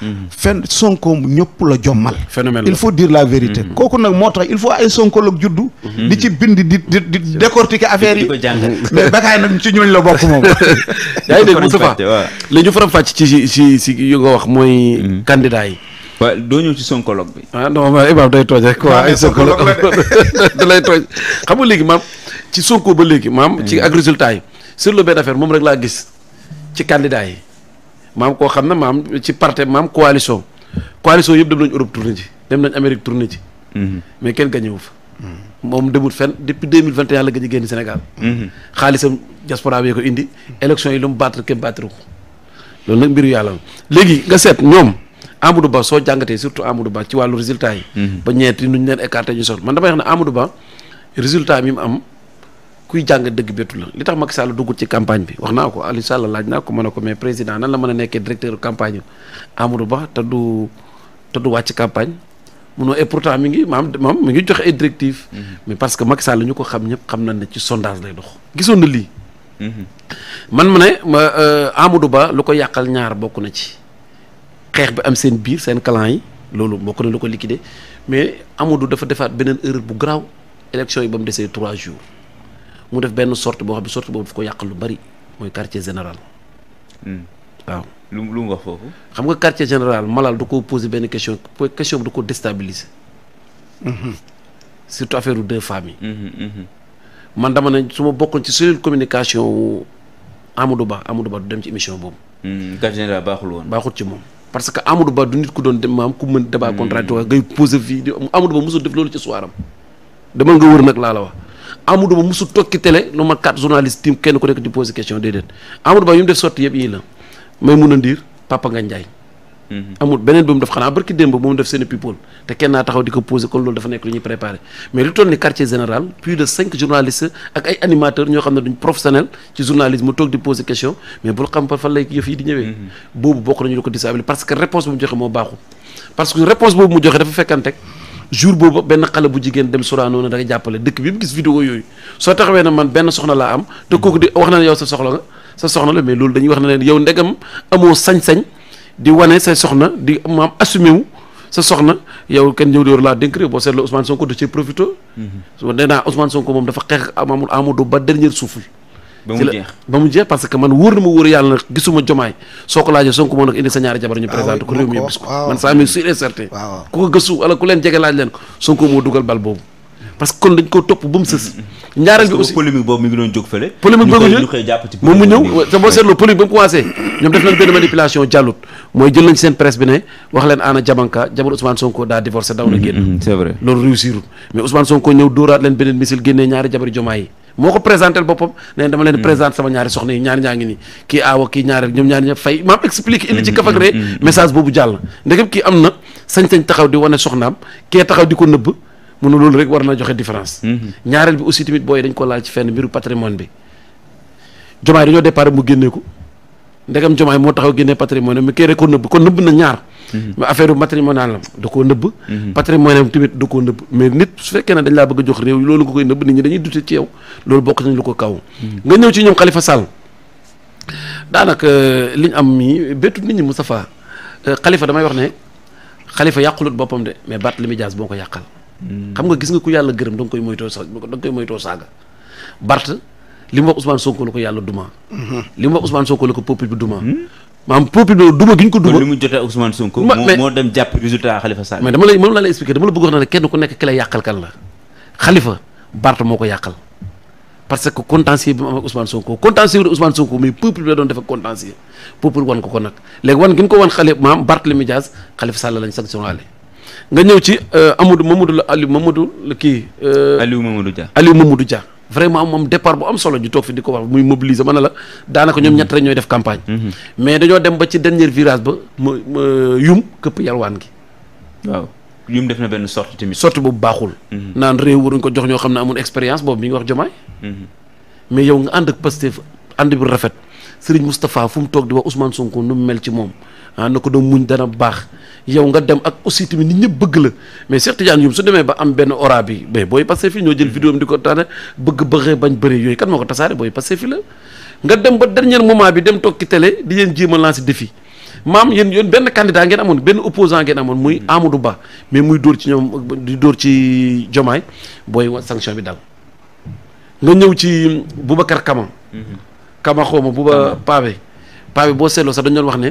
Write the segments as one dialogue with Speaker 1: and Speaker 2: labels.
Speaker 1: Mhm.
Speaker 2: fen sonko ñëpp la jommal il faut dire la vérité mhm. kooku nag moo tax il faut ay sonkologue juddu mhm. di ci bind di di di décortiquer affaire yi mais bakaay nag ci ñooñ la bokk moom yaa ngi dégg Moustapha
Speaker 3: léegi faram fàcc ci
Speaker 2: ci ci yu
Speaker 3: nga wax mooy candidat yi waaw doo ñëw ci sonkologue bi ah non ma day tooj rek quoi ay sonkologue da lay tooj xam nga léegi maam ci sonko ba léegi maam ci ak résultat yi sur le benn affaire moom rek laa gis ci candidat yi maam koo xam ne maam ci parti maam coalition coalition yëpp dem nañ Europe tournée ji dem nañ Amérique tournée ji. Mhm. mais kenn gagné fa. moom demut fenn depuis deux mille vingt et un la gëj a génn Sénégal. Mhm. xaalisam diaspora bi indi. élection yi lu mu battre kenn battre ko loolu nag mbiru yàlla la léegi nga seet ñoom. Amadou Ba soo jàngatee surtout Amadou Ba ci wàllu résultat yi. Mhm. ba ñeenti nu ñu leen ñu sol man damay wax ne Amadou Ba résultat mi kuy jàng dëgg bettu la li tax Macky la duggut ci campagne bi wax naa ko Aliou laaj naa ko mën a ko mais président na la mën a nekkee directeur campagne Amadou Ba te du te du wàcc campagne munoo et pourtant mi ngi maam maam mi ngi joxe ay directives. Mm-hmm. mais parce que Macky la ñu ko xam ñëpp xam na ne ci sondage lay dox. gisoon na lii. Mm-hmm. man ma ne ma euh, Amadou Ba lu ko yàqal ñaar bokk na ci xeex bi am seen biir seen clan yi loolu bokk na lu ko liquider mais Amadou dafa defaat beneen erreur bu garaaw élection yi ba mu desee trois jours. mu def benn sorte boo xam ne sorte boobu ko yàqal lu bari mooy quartier général. Hmm. waaw lu lu wax foofu. xam nga quartier général Malal du ko posé benn question question bi da ko déstabiliser. Mhm. surtout affaire deux femmes yi. Mhm, mhm. man dama nañ su ma bokkoon ci cellule communication wu Amadou Ba Amadou Ba du dem ci émission boobu. Hmm, quartier général baaxul woon. baaxul ci moom. parce que Amadou Ba du nit ku doon dem maam ku mën débat hmm. contradictoire ngay posé fii Amadou Ba mosul def loolu ci soiram. dama nga wër nag laa la wax. Amadou Ba musu tokki télé lu mat quatre journalistes tim kenn ku nekk di posé question déedéet Amadou Ba yu mu def sotti yëpp yii la may mun a ndiir Papa Ngagne Ndiaye mhm. amul beneen bu mu xanaa barki démb bu mu def seen people te kenn naa taxaw di ko posé kon loolu dafa nekk lu ñuy mais lu toll ni quartier général plus de cinq journalistes ak ay animateurs ñoo xam ne duñ professionnel ci journalisme mu toog di posé question mais bul xam fan lay yëf jour boobu benn xale bu jigéen dem Sorano na da nga jàppale dëkk bi mu gis vidéo yooyu soo taxawee na man benn soxna laa am te kooku di wax na ne yow sa soxla nga sa soxna la mais loolu dañuy wax ne leen yow ndegam amoo sañ-sañ di wane sa soxna di maam assumé wu sa soxna yow kenn ñëw di yor laa dénk rek boo seetloo Ousmane Sonko da cee profité. Mhm. su nee naa Ousmane Sonko moom dafa xeex ak Amadou Ba dernier souffle ba mu jeex ba mu jeex parce que man wóor na ma wóor yàlla nag gisuma jomaay soo ko laajee Sonko moo nag indi sa ñaari jabar ñu ah présenté ko ah man ça m'est sûr et certain ah ku ko gëstu wala ku leen jege laaj leen ko Sonko mm-hmm. bi nañ wax leen Anna Diamanka jabar Ousmane Sonko daa divorcé daw na génn mm-hmm, loolu réussirul mais Ousmane Sonko ñëw dóoraat leen beneen missile génnee ñaari jabari jomaa yi moo ko présenté boppam ne dama leen présenté sama ñaari soxna yi ñaari ñaa ngi nii kii aawa kii ñaari ñoom ñaari ñëpp fay maam expliqué indi ci kafak ree mm, mm, mm, message boobu jàll na ndegam kii am na sañ-sañ taxaw di wane soxnaam kee taxaw di ko nëbb mu ne loolu rek war na joxe différence mm-hmm. ñaareel bi aussi tamit booy dañ ko laal ci fenn mbiru patrimoine bi jomaay dañoo départ mu génnee ko ndegam jomaay moo taxaw génne patrimoine mi kii rek ko nëbb ko nëbb na ñaar mhm. mais affaire bu matrimonial da koo nëbb mhm. patrimoine am tamit da koo nëbb mais nit su fekkee ne dañ laa bëgg a jox réew loolu nga koy nëbb nit ñi dañuy dute ci yow loolu bokk nañ lu ko kaw mhm. nga ñëw ci ñoom Khalifa Sall daanaka euh, liñ am mi béttu nit ñi Moustapha euh, Khalifa damay wax ne Khalifa yàqulut boppam de mais Barthélémy Dias boo ko yàqal xam nga gis nga ku yàlla gërëm da koy moytoo sa da nga koy moytoo saaga li mu wax Ousmane la ko yàlla duma. li mu wax Ousmane Sonko la mhm. ko peuple bi duma. maanaam peuple bi duma gi ko duma. mu jotee Ousmane Sonko. moo moo dem jàpp résultat Khalifa Sall. mais dama lay moom laa lay expliquer dama la moo ko yàqal parce que contentieux bi mu am ak Ousmane Sonko contentieux bi Ousmane Sonko mais peuple bi la doon def ak contentieux peuple wan ko ko nag léegi wan gi ñu ko wan Khalifa maam Barthélémy Dias Khalifa Sall lañ sanctionné nga ñëw ci euh, Amadou Mamadou la Aliou Mamadou kii. Euh, la Mamadou Dia Aliou Mamadou Dia vraiment moom départ bu am solo ñu toog fi di ko wax muy mobiliser ma ne la daanaka ñoom ñett rek ñooy def campagne. Mhm. mais dañoo dem ba ci dernier virage ba ma yum këpp yalwaan gi. waaw yum def na benn sorte tamit. sorte bu baaxul. Mhm. naan réew waruñ ko jox ñoo xam ne amul expérience boobu mi ngi wax jomaay. Mhm. mais yow nga ànd ak Pastef ànd bi rafet. Serigne Moustapha fu mu toog di wax Ousmane Sonko nu mu mel ci moom ah, na ko doon muñ dana baax yow nga dem ak aussi tamit nit ñëpp bëgg la mais Cheikh su demee ba am benn ora bi mais booy passé fii ñoo jël vidéo am di ko taane bëgg bëggee bañ bëri yooyu kan moo ko tasaare booy passé fii la nga dem ba dernier moment bi dem toog ci télé di leen jéem a lancer défi maam yéen yéen benn candidat ngeen amoon benn opposant ngeen amoon muy mm. Amadou Ba mais muy dóor ci ñoom di dóor ci bi daal nga ñëw ci Boubacar kama xawma bu ba pavé pavé boo seetloo sax dañ doon wax ne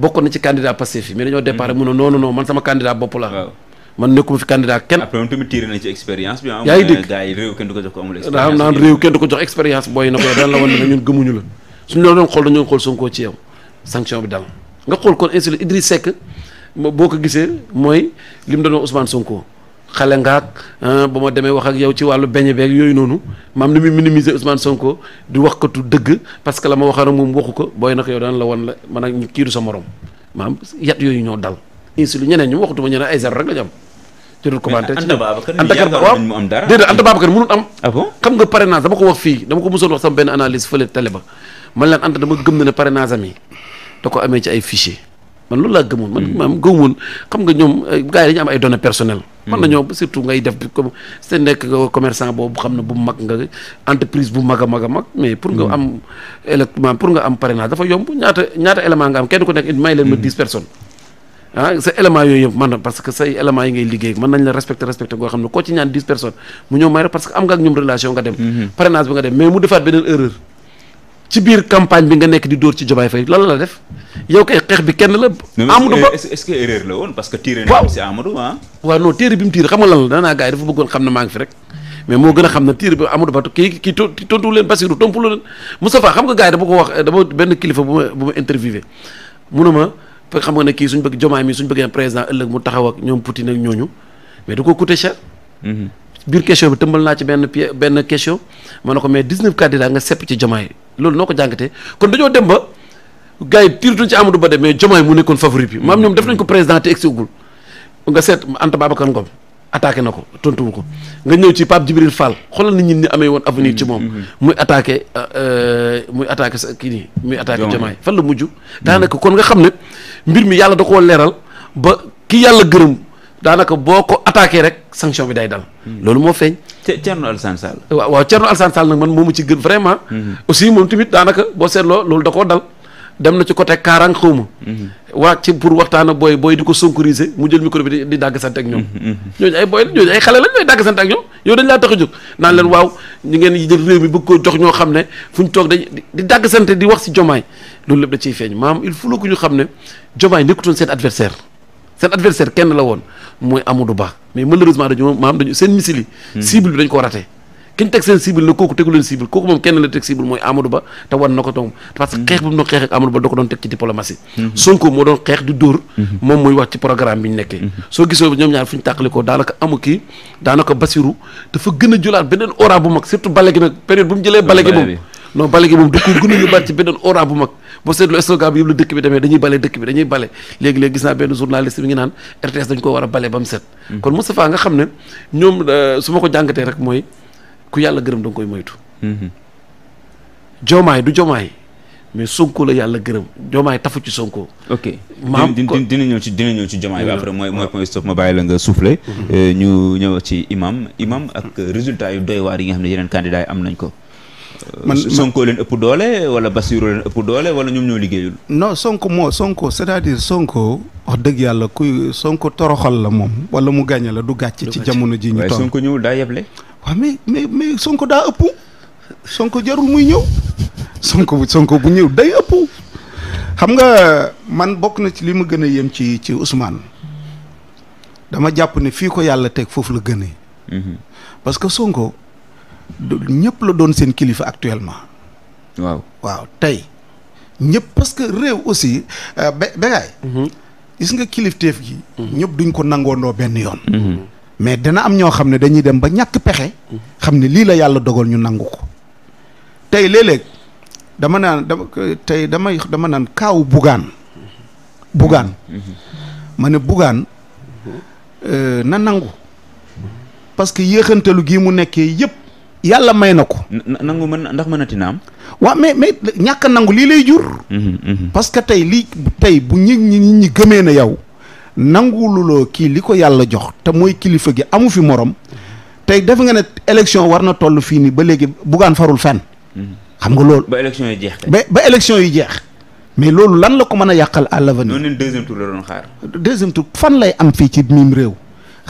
Speaker 3: bokkoon na ci candidat Pastef yi mais dañoo départ mm. mu ne non man sama candidat bopp laa man nekkuma fi candidat kenn. après moom tamit tiire na ci expérience bi. Ah, yaa ngi dégg
Speaker 1: gars yi réew kenn du ko jox ko amul expérience. xam naan réew
Speaker 3: kenn du ko jox expérience ko daan la woon ne ñun gëmuñu la suñu la doon xool dañu doon xool ci yow sanction bi dal nga xool kon insuline Idriss Seck boo ko gisee mooy li mu doon wax Ousmane Sonko. xale ngaak ba ma demee wax ak yow ci wàllu beñe beeg yooyu noonu maam ni muy minimiser Ousmane ko di wax ko tu dëgg parce que la ma waxoon moom waxu ko booy nag yow daan la wan la man ak kii du sa morom maam yat yooyu ñoo dal insi lu ñeneen ñu waxutuma ñeneen ay ñu am ci dul commenté ci waaw déedéet Anta Babacar mënul am ah xam nga parrainage dama ko wax fii dama ko mosoon wax sama benn analyse fële télé ba man leen Anta dama gëm na ne parrainage am yi da ko amee ci ay fichier man loolu laa gëmoon man hmm. nga ñoom eh, gars yi dañu am ay données personnelles man hmm. na ñoo surtout ngay def comme seen nekk commerçant boobu xam ne bu mag nga entreprise bu mag a mag a mag mais pour nga hmm. am électement pour leen ma dix personnes ah sa élément yooyu yi liggéey mën nañ la relation nga dem parrainage bi nga dem mais mu defaat beneen erreur ci biir campagne bi nga nekk di dóor ci Diomaye Faye lan la def yow kay xeex bi kenn la. Amadou Ba est-ce que erreur la woon parce ah. bi mu tiire xam nga lan la danaa gars yi dafa bëggoon xam ne maa fi rek mais moo gën a xam ne tiire bi Amadou Ba kii kii tontu leen Basirou tompu leen Moustapha xam nga gars yi dama ko wax dama benn kilifa bu mu ne ma xam nga ne kii suñ bëgg Diomaye mi suñ bëggee président ëllëg mu taxaw ak ñoom Poutine ak ñooñu mais du ko coûter cher. Mm-hmm. biir question bi tëmbal naa ci benn pi benn question ma ne ko mais 19 candidats nga sepp ci Diomaye loolu noo ko jàngatee kon dañoo dem ba gars yi tiirtuñ ci Amadou Ba de mais Diomaye mu nekkoon favori bi maam ñoom def nañ ko président te egsiwul nga seet Anta Babacar Ngom attaqué na ko tontuwu ko nga ñëw ci Pape Djibril Fall xoolal nit ñi ni amee woon avenir ci moom mm-hmm. muy attaqué euh, euh, muy attaqué sa kii nii muy attaqué Diomaye fan la mujj mm-hmm. daanaka kon nga xam ne mbir mi yàlla da koo leeral ba yàlla gërëm daanaka boo ko attaqué rek sanction bi day dal. Hmm. loolu moo feeñ. Thierno Alassane Sall. waaw waaw Thierno Alassane Sall nag man moomu ci gën vraiment. Hmm. aussi moom tamit daanaka boo seetloo loolu da koo dal. dem na ci côté Kaarang xaw ma. Hmm. waa pour waxtaan ak booy booy di ko sonkoriser mu jël micro bi di di dàgg ak ñoom. ñooñu ay booy ñooñu ay xale lañ ñooy dàgg sant ak ñoom yow dañ laa tax a jóg koo jox ñoo xam ne fu toog dañ di sant di wax si jomaay loolu lépp da ciy feeñ maam il faut que ñu xam ne jomaay nekkutoon seen adversaire. seen adversaire kenn la woon mooy Amadou Ba mais malheureusement dañu maam dañu seen missile hmm. yi bi dañ ko raté kiñ teg seen cible la kooku tegu leen kooku moom kenn la teg cible mooy Amadou Ba te wan na ko parce que hmm. xeex mu doon xeex ak Ba da ko doon teg ci diplomatie hmm. Sonko moo doon xeex di dóor moom muy wax ci programme bi nekkee soo gisoo ñoom ñaar fu ñu tàqalikoo daanaka amu kii daanaka Basiru dafa gën a jëlaat beneen aura bu gën a yóbbaat ci beneen aura bu boo seetloo slogan bi yëpp la dëkk bi demee dañuy bale dëkk bi bale léegi-léegi gis naa benn journaliste bi ngi naan RTS dañ ko war a bale ba mu set hmm. kon Moustapha nga xam ne ñoom euh, su ma ko jàngatee rek mooy ku yàlla gërëm da koy moytu joomaay hmm. du joomaay mais Sonko la yàlla gërëm jomaay tafu ci Sonko. ok maam dina dina ñëw ci
Speaker 1: dina ñëw ci jomaay bi après mooy mooy stop ma bàyyi la nga soufflé. Hmm. Euh, ñu ñëw ci imam imam ak résultat yu doy waar yi nga xam ne yeneen candidats yi am nañ ko. Euh, man Sonko leen ëpp doole wala Bassirou leen ëpp doole wala ñoom ñoo liggéeyul.
Speaker 2: no Sonko moo Sonko cest à Sonko wax dëgg yàlla kuy Sonko toroxal la moom wala mu gàññe la du gàcc ci jamono ji ñu toog Sonko ñëwul daa yeble. waaw mais mais mais Sonko daa ëpp Sonko jarul muy ñëw Sonko Sonko bu ñëw day ëpp. xam nga man bokk na ci li ma gën a yem ci ci Ousmane dama jàpp ne fii ko yàlla teg foofu la gënee. Mhm. parce que Sonko. ñëpp la doon seen kilifa actuellement. waaw waaw tey ñëpp parce que réew aussi euh, begaay mhm. gis nga kilifteef gi. Mhm. ñëpp duñ ko nangoondoo benn yoon. Mhm. mais dana am ñoo xam ne dañuy dem ba ñàkk pexe. xam ne lii la yàlla dogal ñu nangu ko. tey léeg-léeg dama naan dama tey damay dama naan kaawu bugaan. bugaan. ma ne bugaan euh, na nangu. parce que yéexantalu gii mu nekkee yëpp. yàlla may na ko. nangu mën ndax mënati na am. waa mais mais ñàkk nangu lii lay jur. Mm-hmm, mm-hmm. parce que tey lii tey bu ñi ñi ñi gëmee na yow nanguwululoo kii li ko yàlla jox te mooy kilifa gi amu fi morom tey def nga ne élection war na toll fii nii ba léegi buggaan farul fenn. Mm-hmm. xam nga loolu. ba élection yi jeex. ba ba élection yi jeex. mais loolu lan la ko mën a yàqal à l'avenir. noonu deuxième
Speaker 1: tour la doon xaar.
Speaker 2: deuxième tour fan lay am fii ci miim réew.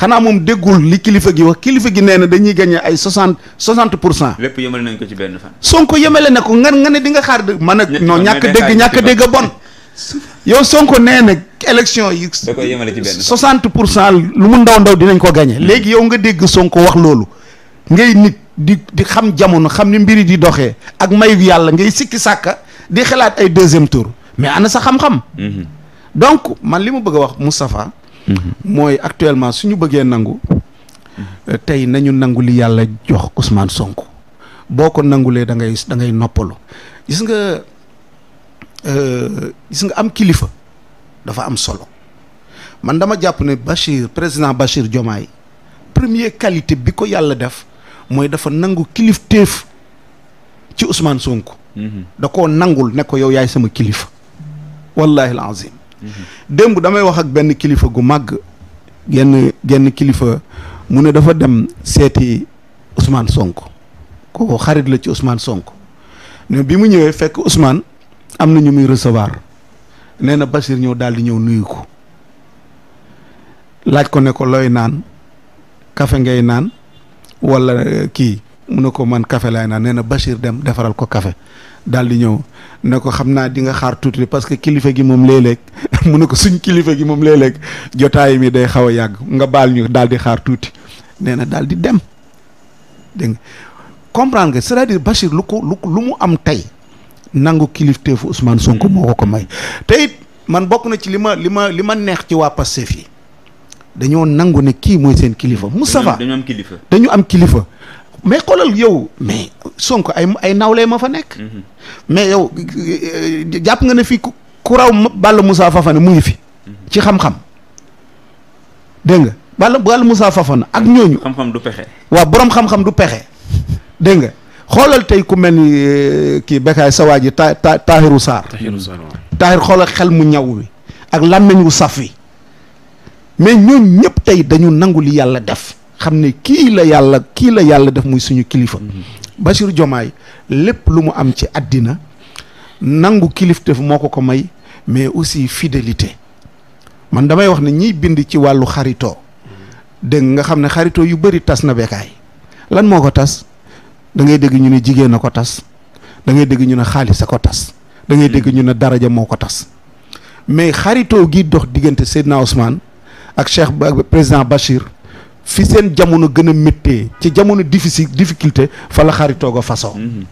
Speaker 2: xanaa moom déggul li kilifa gi wax kilifa gi nee na dañuy gagné ay soixante soixante pour cent.
Speaker 1: lépp yemale nañ ko ci benn fan.
Speaker 2: Sonko yemale na ko nga nga ne di xaar man ak non ñàkk dégg ñàkk dégg a bon. yow Sonko nee na élection yi. da
Speaker 1: koy yemale ci benn
Speaker 2: soixante pour cent lu mu ndaw ndaw dinañ ko gagné. Mm. léegi yow nga dégg Sonko wax loolu ngay nit di di xam jamono xam ni mbiri di doxee ak mayu yàlla ngay sikki sàkka di xalaat ay deuxième tour mais ana sa xam-xam. Mm-hmm. donc man li ma bëgg a wax Moustapha mooy actuellement su ñu bëggee nangu euh, tey nañu nangu li yàlla jox Ousmane Sonko boo ko nangulee da ngay da ngay noppalu gis nga euh, gis nga am kilifa dafa am solo man dama jàpp ne Bachir président Bachir Diomaye premier qualité bi ko yàlla def mooy dafa nangu kilif téef ci Ousmane Sonko. Mhm. da koo nangul ne ko yaay sama kilifa. wallaahi al démb damay wax ak benn kilifa gu màgg genn kilifa mu ne dafa dem seeti Ousmane sonk kooku xarit la ci Ousmane sonk ne bi mu ñëwee fekk Ousmane am na ñu muy recevoir nee na Bachir ñëw daal di ñëw nuyu ko laaj ko ne ko looy naan kafe ngay naan walla eh, kii mu ne ko man kafe laay naa nee na Bachir dem defaral ko kafe daal di ñëw ne ko xam naa di nga xaar tuuti parce que kilifa gi moom léeg-léeg mu ne ko suñ kilifa gi moom léeg-léeg jotaay mi day xaw a yàgg nga baal ñu daal di xaar tuuti nee na daal di dem dégg nga comprendre nga cest Bachir lu ko lu lu mu am tey nangu kilifteefu Ousmane sonk moo ko ko may te it man bokk na ci li ma li ma li ma neex ci waa Pastef yi dañoo nangu ne kii mooy seen kilifa. Moustapha dañu kilifa dañu am kilifa. mais xoolal yow mais Sonko ay ay nawlee ma fa nekk. Mhm. mais yow jàpp nga ne fii ku raw Balla Moussa Fafana mu ngi fi. Mhm. ci xam dégg nga Balla Balla Moussa Fafana ak mhm. ñooñu.
Speaker 1: xam-xam du pexe.
Speaker 2: waaw borom xam-xam du pexe dégg nga xoolal tey ku mel ni euh, kii Bekaay Sawaa ji ta ta Tahiru Sarr. Tahiru xoolal xel mu ñaw wi ak làmmiñ wu saf wi mais ñooñu ñëpp tey dañu nangu li yàlla def. xam ne kii la yàlla kii la yàlla def muy suñu kilifa mhm. Bassirou Diomaye lépp lu mu am ci àddina nangu kilifteef moo ko ko may mais aussi fidélité man damay wax ne ñiy bind ci wàllu xaritoo dégg nga xam ne xaritoo yu bëri tas na bekaay lan moo ko tas dangay dégg ñu ne jigéen a ko tas da ngay dégg ñu ne xaalis ko tas da ngay dégg ñu ne daraja moo ko tas mais xaritoo gi dox diggante Seydina Ousmane ak ba président Bachir fi seen jamono gën a méttee ci jamono difficile difficulté fa la xaritoo façon mhm.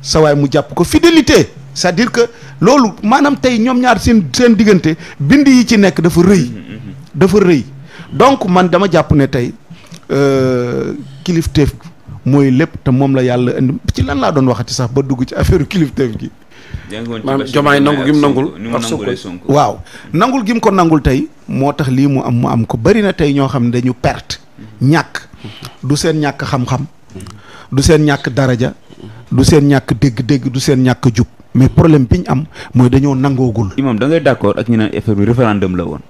Speaker 2: sa waay mu jàpp ko fidélité c'est-à-dire que loolu maanaam tey ñoom ñaar seen seen diggante bind yi ci nekk dafa rëy mhm, mhm. dafa rëy donc man dama jàpp ne tey euh, kilifteef mooy lépp te moom la yàlla indi ci lan laa doon waxati sax ba dugg ci affaire kilifteef gi
Speaker 1: maanaam jomaay nangu gim nangul ak Sonko waaw
Speaker 2: nangul gim ko nangul tey moo tax lii mu am mu am ko bari na tey ñoo xam ne dañu perte ñàkk du seen ñàkk xam-xam du seen ñàkk daraja du seen ñàkk dégg-dégg du seen ñàkk jub mais problème bi ñu am mooy dañoo nangoogul.
Speaker 1: imam da ngay d'accord ak ñu naan effet bi référendum la woon.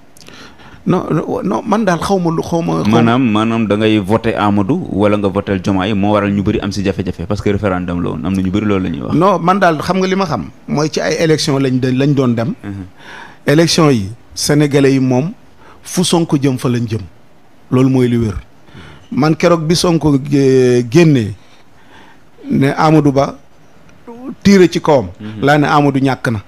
Speaker 2: non man daal xaw ma lu xaw ma. maanaam
Speaker 1: maanaam da ngay voté Amadou wala nga voté yi moo waral ñu bëri am si jafe-jafe parce que référendum la woon am na ñu bëri loolu la wax.
Speaker 2: non man daal xam nga li ma xam. mooy ci ay élection lañ de lañ doon dem. Uh-huh. élection yi sénégalais yi moom fu Sonko jëm fa lañ jëm loolu mooy li wér man keroog bi Sonko eh, génnee ne Amadou Ba tiire ci kawam. Uh-huh. laa ne Amadou ñàkk na.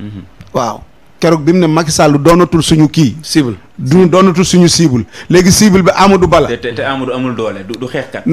Speaker 2: Uh-huh. waaw. keroog bi mu ne Macky Sall doonatul suñu kii. cible du doonatul suñu cible léegi cible bi Amadou Bala.
Speaker 1: te te Amadou amul doole du xeexkat.